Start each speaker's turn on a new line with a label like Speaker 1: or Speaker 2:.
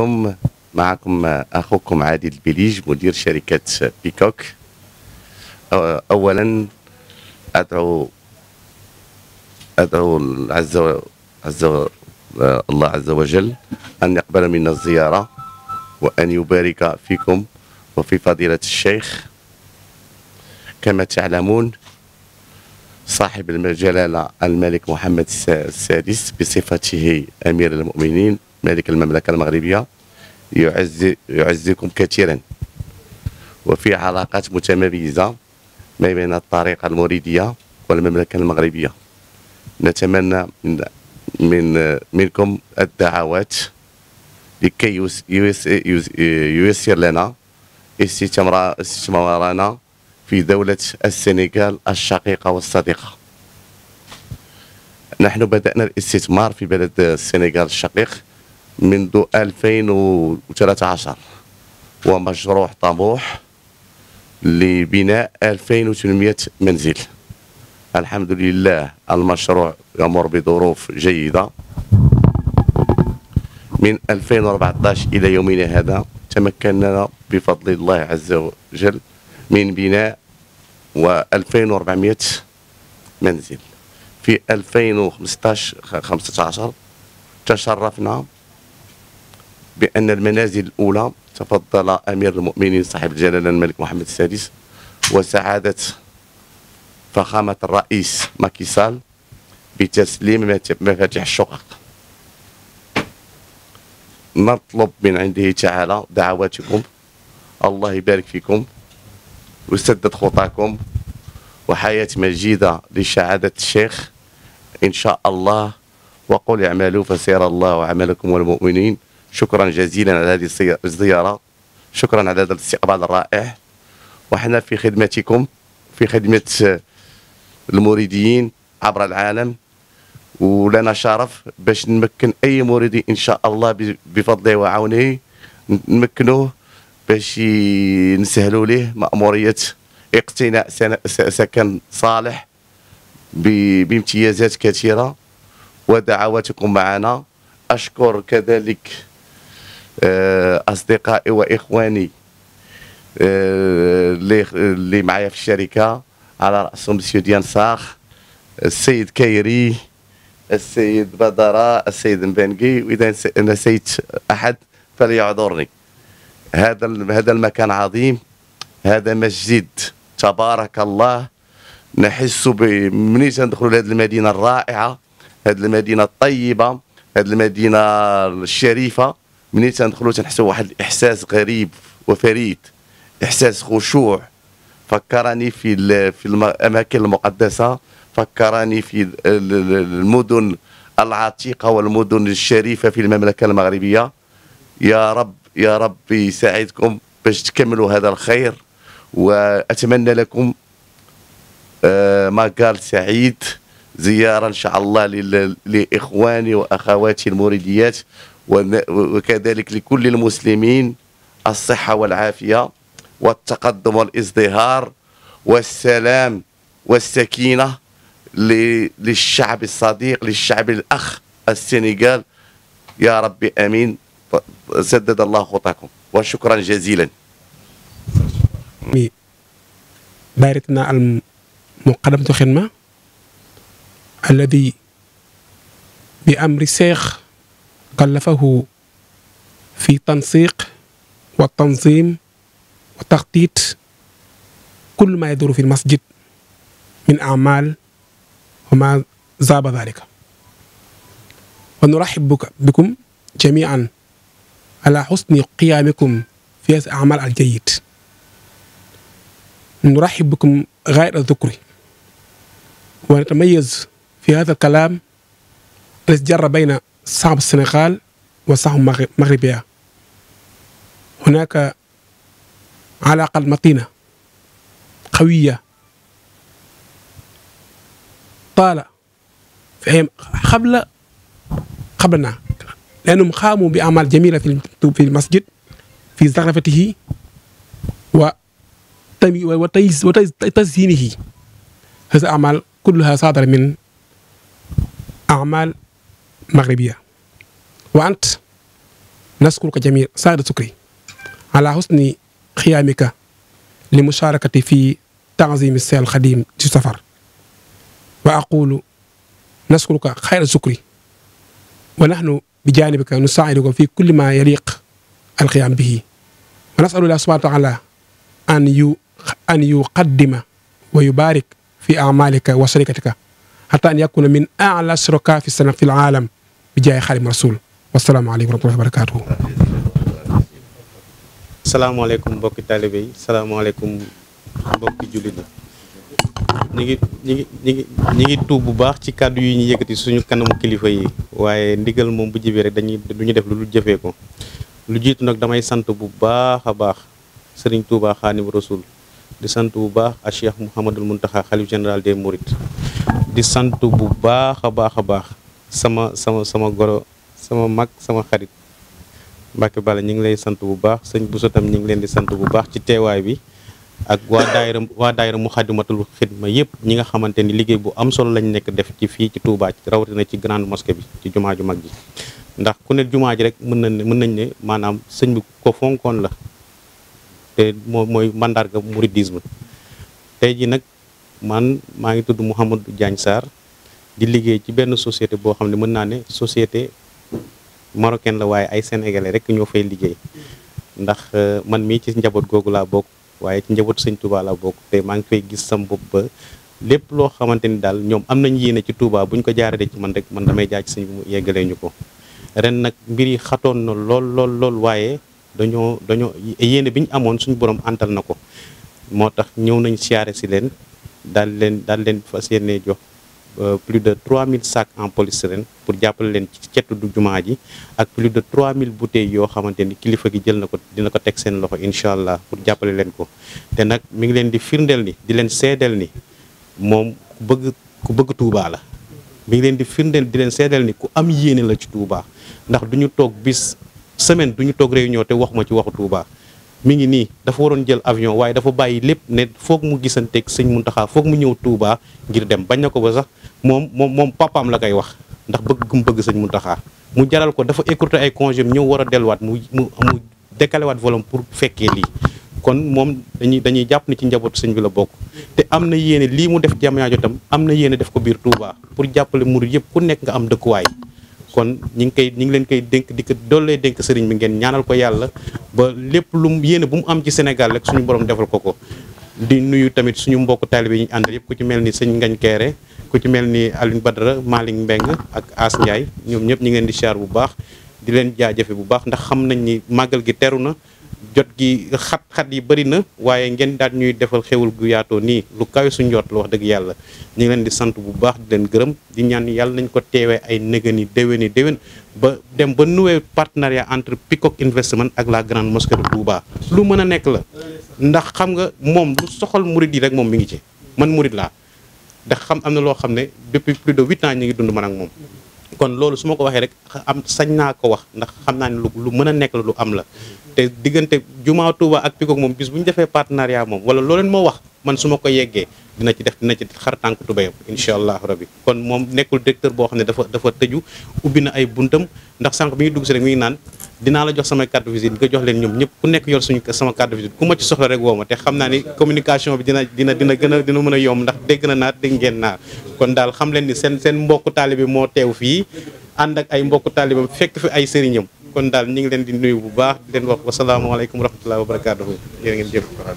Speaker 1: اليوم معكم أخوكم عادل البليج مدير شركة بيكوك أولا أدعو أدعو عز عز الله عز وجل أن يقبل منا الزيارة وأن يبارك فيكم وفي فضيلة الشيخ كما تعلمون صاحب الجلالة الملك محمد السادس بصفته أمير المؤمنين ملك المملكة المغربية يعز يعزكم كثيرا وفي علاقات متميزة ما بين الطريقة المريدية والمملكة المغربية نتمنى من من منكم الدعوات لكي ييسر لنا استثمارنا في دولة السنغال الشقيقة والصديقة نحن بدأنا الاستثمار في بلد السنغال الشقيق منذ 2013 ومشروع طموح لبناء 2800 منزل الحمد لله المشروع يمر بظروف جيدة من 2014 إلى يومنا هذا تمكننا بفضل الله عز وجل من بناء و 2400 منزل في 2015 15 تشرفنا بأن المنازل الأولى تفضل أمير المؤمنين صاحب الجلالة الملك محمد السادس وسعادة فخامة الرئيس ماكي سال بتسليم مفاتيح الشقق نطلب من عنده تعالى دعواتكم الله يبارك فيكم ويسدد خطاكم وحياة مجيدة لشهادة الشيخ إن شاء الله وقل اعملوا فسيرى الله عملكم والمؤمنين شكرا جزيلا على هذه الزيارة شكرا على هذا الاستقبال الرائع وحنا في خدمتكم في خدمة المريديين عبر العالم ولنا شرف باش نمكن أي مريدي إن شاء الله بفضله وعونه نمكنوه باش نسهلوا ليه مأمورية اقتناء سكن صالح بامتيازات كثيرة ودعواتكم معنا أشكر كذلك اصدقائي واخواني اللي اللي معايا في الشركه على راسهم مسيو ديان صاخ السيد كايري السيد بدراء السيد مبانقي واذا نسيت احد فليعذرني هذا هذا المكان عظيم هذا مسجد تبارك الله نحس ملي تندخلوا لهذه المدينه الرائعه هذه المدينه الطيبه هذه المدينه الشريفه منين تندخلوا تنحسوا واحد الاحساس غريب وفريد احساس خشوع فكرني في في الاماكن المقدسه فكرني في المدن العتيقه والمدن الشريفه في المملكه المغربيه يا رب يا رب يساعدكم باش تكملوا هذا الخير واتمنى لكم ما قال سعيد زياره ان شاء الله لاخواني واخواتي الموريديات وكذلك لكل المسلمين الصحة والعافية والتقدم والازدهار والسلام والسكينة للشعب الصديق للشعب الأخ السنغال يا رب أمين سدد الله خطاكم وشكرا جزيلا
Speaker 2: دائرتنا المقدمة الخدمة الذي بأمر الشيخ kallafahu fi tansiq wa tanzim wa taxtiit kull ma yaduru fi masjid min amal wa ma zaaba dalika wa nuraxib bikum jamian ala xusni qiyaamikum fi haasi amal al jayid nuraxib bikum gaayat al dukri wa natamayaz fi haasa al kalaam الذي جر بين صعب السنغال وصعب مغربية هناك علاقة متينة قوية طال في أيام قبل قبلنا لأنهم قاموا بأعمال جميلة في المسجد في زخرفته وتزيينه هذه أعمال كلها صادرة من أعمال maghribiya wa ant naskuruka jami saada sukri ala husni xiyaamika li musharakati fi tanzimi seel xadim ci safar wa aqulu naskuruka xayra sukri wa nahnu bi janibika nusaa'iduka fi kulli ma yaliq alqiyam bihi wa nasalullah subhanahu wa taala an yu an yuqaddima wa yubarik fi amalika wa sharikatika xata an yakuna min ala shuraka fi sana fi alalam bi jaay xaalim rasul wasalaamaaleykum wa rahmatullahi
Speaker 3: wa barakaatuhu. ngi ñu bu baax ci kàddu yi ñu suñu kanamu kilifa yi waaye ndigal moom bu jibee rek dañuy du ñu def lu jëfee ko lu jiitu nag damay sant bu baax a baax sëriñ Touba Xaadim Rasul di sant bu baax a Cheikh Mouhamadul Mountakha xalif général de morit di sant bu baax a baax a baax. sama sama sama goro sama mag sama xarit Mbacke Balla ñu ngi lay sant bu baax sëñ Bousso tam ñu ngi leen di sant bu baax ci teewaay bi ak waa daayira waa daayira Muxaddamatul Xidma yëpp ñi nga xamante ni liggéey bu am solo lañ nekk def ci fii ci Touba rawatina ci grande mosquée bi ci jumaa ju mag ji ndax ku ne jumaa ji rek mën nañ ne mën nañ ne maanaam sëñ bi ko fonkoon la te moo mooy mandarga mouridisme tey ji nag maan maa ngi tudd Mouhamadou Diagne Sarr di liggéey ci benn société boo xam ne mën naa ne société marocaine la waaye ay sénégalais rek ñoo fay liggéey ndax euh, man mii ci njaboot googu laa bokk waaye ci njaboot sañ Touba laa bokk te maa ngi fay gis sam bopp ba lépp loo xamante ni daal ñoom am nañ yéene ci Touba bu ñu ko jaarale ci man rek man damay jaay ci sëñ bi mu yeggalee ñu ko ren nag mbir yi xatoon na lool lool waaye dañoo dañoo yéene bi ñu amoon suñu borom antal na ko moo tax ñëw nañ siyaare si leen daal leen daal leen fas yéene jox Euh, plus de 3000 sacs en polystyrène pour jàppale leen ci cetu du jumaa ji ak plus de mille bouteilles yoo xamante ni kilifa gi jël na ko dina ko teg seen loxo incha allah pour jàppale leen ko te nag mi ngi leen di firndeel ni di leen seedeel ni moom ku bëgg ku bëgg Touba la mu ngi leen di firndeel di leen seedeel ni ku am yéene la ci Touba ndax du ñu toog bis semaine du ñu toog réunion te waxuma ci waxu Touba mi ngi nii dafa waroon jël avion waaye dafa bàyyi lépp ne foog mu gisanteeg sëñ Muntaxa foog mu ñëw Touba ngir dem bañ na ko ba sax moom moom moom papaam la koy wax ndax bëgg gu mu bëgg sëñ mun Muntaxa mu jaral ko dafa écourté ay congé ñëw war a delluwaat mu mu mu décalé waat pour fekkee lii kon moom dañuy dañuy jàpp ne ci njabootu sëñ bi la bokk te am na yéene lii mu def Diamniadio tam am na yéene def ko biir Touba pour jàppale murid yëpp ku nekk nga am dëkkuwaay kon ñi ngi koy ñi ngi leen koy dénk di ko doolee dénk sëriñ bi ngeen ñaanal ko yàlla ba lépp lu mu yéene bu mu am ci Sénégal rek suñu borom defal ko ko di nuyu tamit suñu mbokk taalibe yi ñu àndal yëpp ku ci mel ni sëñ Ngañ Kéré ku ci mel ni Alioune Badara Malick Mbeng ak As Ndiaye ñoom ñëpp ñu ngeen di siyaar bu baax di leen jaajëfe bu baax ndax xam nañ ni màggal gi teru na jot gi xat-xat yi bëri na waaye ngeen daal ñuy defal xewul gu yaatoo nii lu kawe suñ jot la wax dëgg yàlla ñu leen di sant bu baax di leen gërëm di ñaan yàlla nañ ko teewee ay nëgëni déwéni déwén ba dem ba noué partenariat entre Peacock Investment ak la grande mosquée bu baax lu mën a nekk la ndax xam nga moom lu soxal murid yi rek moom mi ngi ci man murid laa ndax xam am na loo xam ne depuis plus de huit ans ñu ngi dund man ak moom kon loolu su ma ko waxee rek am sañ naa ko wax ndax xam naa ne lu lu mën a nekk la lu am la te diggante jumaa Touba ak Pikog moom bis bu ñu defee partenariat moom wala loo moo wax man su ma ko yeggee dina ci def dina ci xar tànk tubéyam incha allahu rabi kon moom nekkul directeur boo xam ne dafa dafa tëju ubbi na ay buntam ndax sànq mi ngi dugg si rek mi ngi naan dinaa la jox sama carte visite nga jox leen ñoom ñëpp ku nekk yor suñu sama carte visite ku ma soxla rek woo te xam naa ni communication bi dina dina dina gën a dina mën a yomb ndax dégg na naa dégg ngeen naa kon daal xam leen ni seen seen mbokku bi moo teew fii ànd ak ay mbokku taalibe fekk fi ay sëriñam kon daal ñu ngi leen di nuyu bu baax di leen wax wasalaamaaleykum wa rahmatullahi wa barakaatuhu jërë ngeen jëf